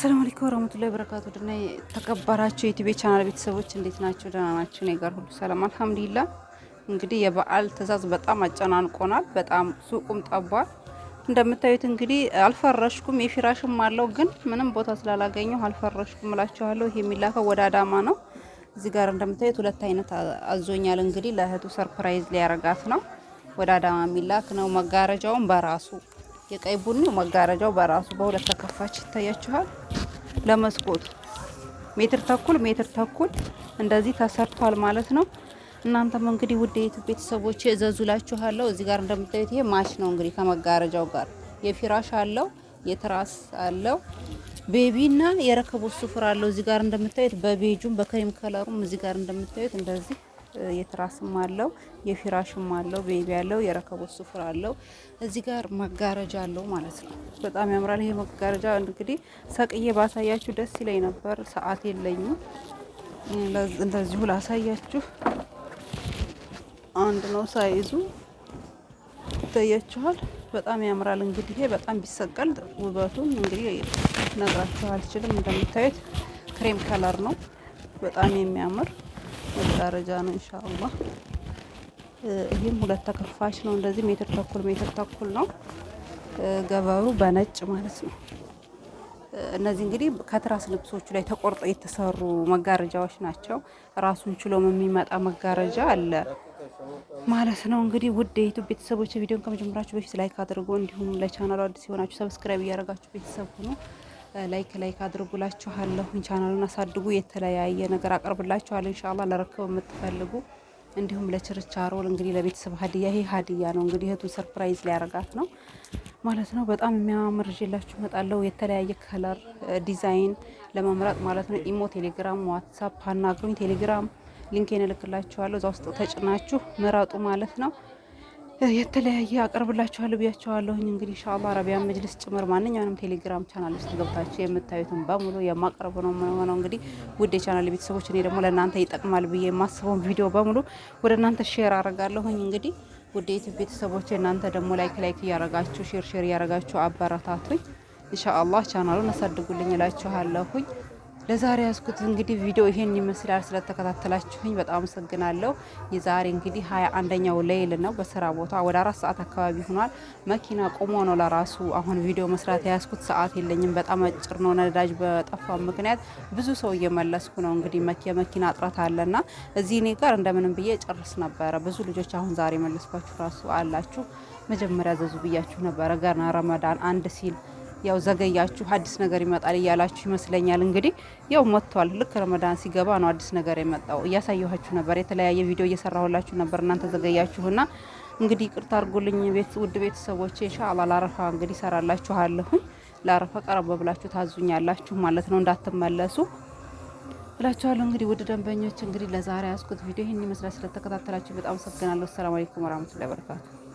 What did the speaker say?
ሰላም አለይኩም ወራህመቱላሂ ወበረካቱ ድና የተከበራችሁ የዩቲዩብ ቻናል ቤተሰቦች እንዴት ናችሁ? ደህና ናችሁ? እኔ ጋር ሁሉ ሰላም አልሐምዱሊላ። እንግዲህ የበዓል ትዕዛዝ በጣም አጨናንቆናል። በጣም ሱቁም ጠቧል። እንደምታዩት እንግዲህ አልፈረሽኩም። የፊራሽም አለው ግን ምንም ቦታ ስላላገኘሁ አልፈረሽኩም እላችኋለሁ። ይሄ የሚላከው ወደ አዳማ ነው። እዚህ ጋር እንደምታዩት ሁለት አይነት አዞኛል። እንግዲህ ለእህቱ ሰርፕራይዝ ሊያረጋት ነው። ወደ አዳማ የሚላክ ነው። መጋረጃውን በራሱ የቀይ ቡኒ መጋረጃው በራሱ በሁለት ተከፋች ይታያችኋል። ለመስኮቱ ሜትር ተኩል ሜትር ተኩል እንደዚህ ተሰርቷል ማለት ነው። እናንተም እንግዲህ ውድ የዩቱብ ቤተሰቦች እዘዙላችኋለሁ። እዚህ ጋር እንደምታዩት ይሄ ማች ነው እንግዲህ ከመጋረጃው ጋር የፊራሽ አለው የትራስ አለው ቤቢና የረከቦት ሱፍር አለው። እዚህ ጋር እንደምታዩት በቤጁም በክሬም ከለሩም እዚህ ጋር እንደምታዩት እንደዚህ የትራስም አለው፣ የፊራሽም አለው፣ ቤቢ አለው፣ የረከቦት ሱፍር አለው። እዚህ ጋር መጋረጃ አለው ማለት ነው። በጣም ያምራል። ይሄ መጋረጃ እንግዲህ ሰቅዬ ባሳያችሁ ደስ ይለኝ ነበር። ሰዓት የለኝም። እንደዚሁ ላሳያችሁ። አንድ ነው ሳይዙ ይታያችኋል። በጣም ያምራል። እንግዲህ ይሄ በጣም ቢሰቀል ውበቱን እንግዲህ ነግራችሁ አልችልም። እንደምታዩት ክሬም ከለር ነው። በጣም የሚያምር መጋረጃ ነው ኢንሻአላህ። ይህም ሁለት ተከፋሽ ነው። እንደዚህ ሜትር ተኩል ሜትር ተኩል ነው ገበሩ በነጭ ማለት ነው። እነዚህ እንግዲህ ከትራስ ልብሶቹ ላይ ተቆርጦ የተሰሩ መጋረጃዎች ናቸው። ራሱን ችሎም የሚመጣ መጋረጃ አለ ማለት ነው። እንግዲህ ውድ የዩቱብ ቤተሰቦች ቪዲዮን ከመጀመራችሁ በፊት ላይክ አድርጎ እንዲሁም ለቻናሉ አዲስ የሆናችሁ ሰብስክራይብ እያደረጋችሁ ቤተሰብ ሁኑ። ላይክ ላይክ አድርጉላችኋለሁ። ቻናሉን አሳድጉ። የተለያየ ነገር አቀርብላችኋለሁ እንሻላ ለረከብ የምትፈልጉ እንዲሁም ለችርቻሮል እንግዲህ ለቤተሰብ ሀዲያ ይሄ ሀዲያ ነው እንግዲህ እህቱን ሰርፕራይዝ ሊያረጋት ነው ማለት ነው። በጣም የሚያምር ይዤላችሁ እመጣለሁ። የተለያየ ከለር ዲዛይን ለመምረጥ ማለት ነው። ኢሞ፣ ቴሌግራም፣ ዋትሳፕ አናግሩኝ። ቴሌግራም ሊንክ እልክላችኋለሁ። እዛ ውስጥ ተጭናችሁ ምረጡ ማለት ነው። የተለያየ አቀርብላችኋለሁ ብያቸዋለሁኝ። እንግዲህ ኢንሻአላ አረቢያን መጅልስ ጭምር ማንኛውንም ቴሌግራም ቻናል ውስጥ ገብታችሁ የምታዩትን በሙሉ የማቀርብ ነው የምንሆነው። እንግዲህ ውድ የቻናል ቤተሰቦች፣ እኔ ደግሞ ለእናንተ ይጠቅማል ብዬ የማስበውን ቪዲዮ በሙሉ ወደ እናንተ ሼር አረጋለሁኝ። እንግዲህ ውድ የዩቲዩብ ቤተሰቦች፣ እናንተ ደግሞ ላይክ ላይክ እያረጋችሁ ሼር ሼር እያረጋችሁ አበረታቱኝ። ኢንሻአላ ቻናሉን አሳድጉልኝ እላችኋለሁኝ። ለዛሬ ያስኩት እንግዲህ ቪዲዮ ይሄን ይመስላል። ስለተከታተላችሁኝ በጣም አመሰግናለሁ። የዛሬ እንግዲህ ሀያ አንደኛው ሌይል ነው። በስራ ቦታ ወደ አራት ሰዓት አካባቢ ሆኗል። መኪና ቆሞ ነው ለራሱ አሁን ቪዲዮ መስራት የያዝኩት ሰዓት የለኝም። በጣም አጭር ነው። ነዳጅ በጠፋ ምክንያት ብዙ ሰው እየመለስኩ ነው። እንግዲህ የመኪና እጥረት አለና እዚህ እኔ ጋር እንደምንም ብዬ ጨርስ ነበረ። ብዙ ልጆች አሁን ዛሬ መለስኳችሁ ራሱ አላችሁ። መጀመሪያ ዘዙ ብያችሁ ነበረ ገና ረመዳን አንድ ሲል ያው ዘገያችሁ አዲስ ነገር ይመጣል እያላችሁ ይመስለኛል። እንግዲህ ያው መጥቷል። ልክ ረመዳን ሲገባ ነው አዲስ ነገር የመጣው። እያሳየኋችሁ ነበር፣ የተለያየ ቪዲዮ እየሰራሁላችሁ ነበር። እናንተ ዘገያችሁና እንግዲህ ቅርታ አድርጉልኝ ቤት ውድ ቤተሰቦች ኢንሻአላህ ላረፋ እንግዲህ እሰራላችኋለሁኝ። ላረፋ ቀረበ ብላችሁ ታዙኛላችሁ ማለት ነው፣ እንዳትመለሱ ብላችኋለሁ። እንግዲህ ውድ ደንበኞች እንግዲህ ለዛሬ ያስኩት ቪዲዮ ይህን ይመስላል። ስለተከታተላችሁ በጣም አመሰግናለሁ። ሰላም አለይኩም ወራህመቱላሂ ወበረካቱ